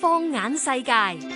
放眼世界。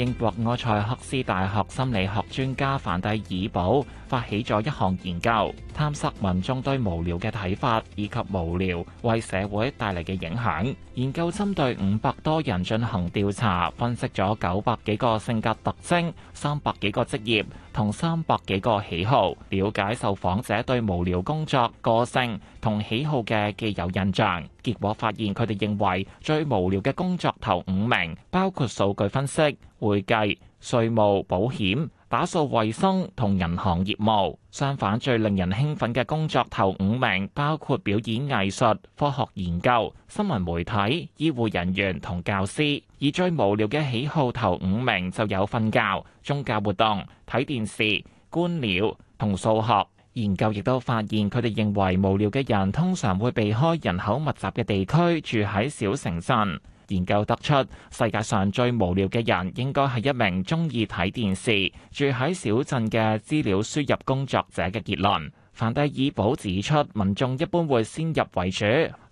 英國埃塞克斯大學心理學專家范蒂爾堡發起咗一項研究，探索民眾對無聊嘅睇法以及無聊為社會帶嚟嘅影響。研究針對五百多人進行調查，分析咗九百幾個性格特徵、三百幾個職業同三百幾個喜好，了解受訪者對無聊工作、個性。同喜好嘅既有印象，結果發現佢哋認為最無聊嘅工作頭五名包括數據分析、會計、稅務、保險、打掃衛生同銀行業務，相反，最令人興奮嘅工作頭五名包括表演藝術、科學研究、新聞媒體、醫護人員同教師。以最無聊嘅喜好頭五名就有瞓覺、宗教活動、睇電視、觀鳥同數學。研究亦都發現，佢哋認為無聊嘅人通常會避開人口密集嘅地區，住喺小城鎮。研究得出世界上最無聊嘅人應該係一名鍾意睇電視住喺小鎮嘅資料輸入工作者嘅結論。范蒂爾堡指出，民眾一般會先入為主，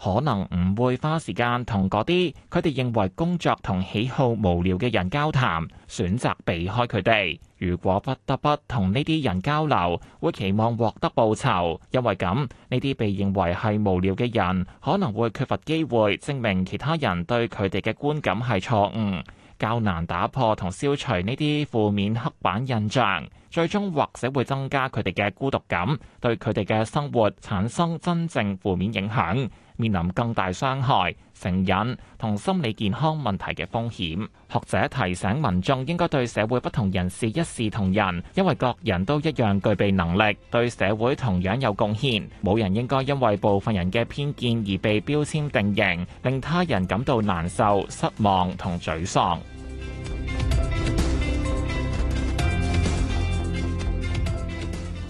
可能唔會花時間同嗰啲佢哋認為工作同喜好無聊嘅人交談，選擇避開佢哋。如果不得不同呢啲人交流，會期望獲得報酬，因為咁呢啲被認為係無聊嘅人可能會缺乏機會證明其他人對佢哋嘅觀感係錯誤，較難打破同消除呢啲負面刻板印象。最終或者會增加佢哋嘅孤獨感，對佢哋嘅生活產生真正負面影響，面臨更大傷害，成癮同心理健康問題嘅風險。學者提醒民眾應該對社會不同人士一視同仁，因為各人都一樣具備能力，對社會同樣有貢獻。冇人應該因為部分人嘅偏見而被標籤定型，令他人感到難受、失望同沮喪。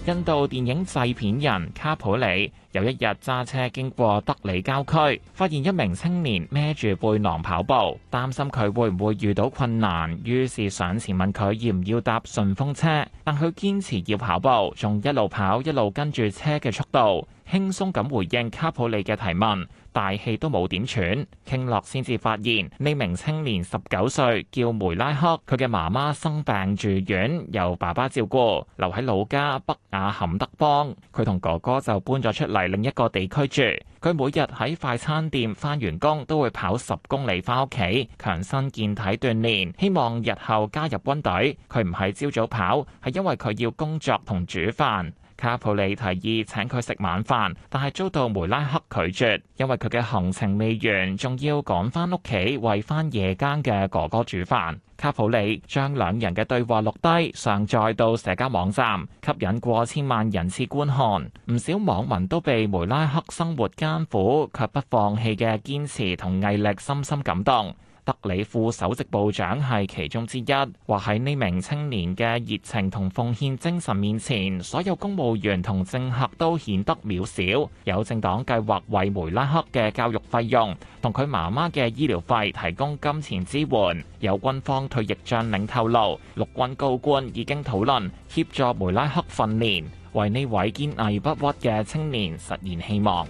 印度電影製片人卡普里，有一日揸車經過德里郊區，發現一名青年孭住背囊跑步，擔心佢會唔會遇到困難，於是上前問佢要唔要搭順風車，但佢堅持要跑步，仲一路跑一路跟住車嘅速度，輕鬆咁回應卡普里嘅提問，大氣都冇點喘。傾落先至發現呢名青年十九歲，叫梅拉克，佢嘅媽媽生病住院，由爸爸照顧，留喺老家北雅坎德邦，佢同哥哥就搬咗出嚟。喺另一個地區住，佢每日喺快餐店返完工都會跑十公里翻屋企，強身健體鍛煉，希望日後加入軍隊。佢唔係朝早跑，係因為佢要工作同煮飯。卡普里提議請佢食晚飯，但係遭到梅拉克拒絕，因為佢嘅行程未完，仲要趕返屋企，為返夜間嘅哥哥煮飯。卡普里將兩人嘅對話錄低，上載到社交網站，吸引過千萬人次觀看。唔少網民都被梅拉克生活艱苦，卻不放棄嘅堅持同毅力深深感動。德里副首席部長係其中之一，話喺呢名青年嘅熱情同奉獻精神面前，所有公務員同政客都顯得渺小。有政黨計劃為梅拉克嘅教育費用同佢媽媽嘅醫療費提供金錢支援。有軍方退役將領透露，陸軍高官已經討論協助梅拉克訓練，為呢位堅毅不屈嘅青年實現希望。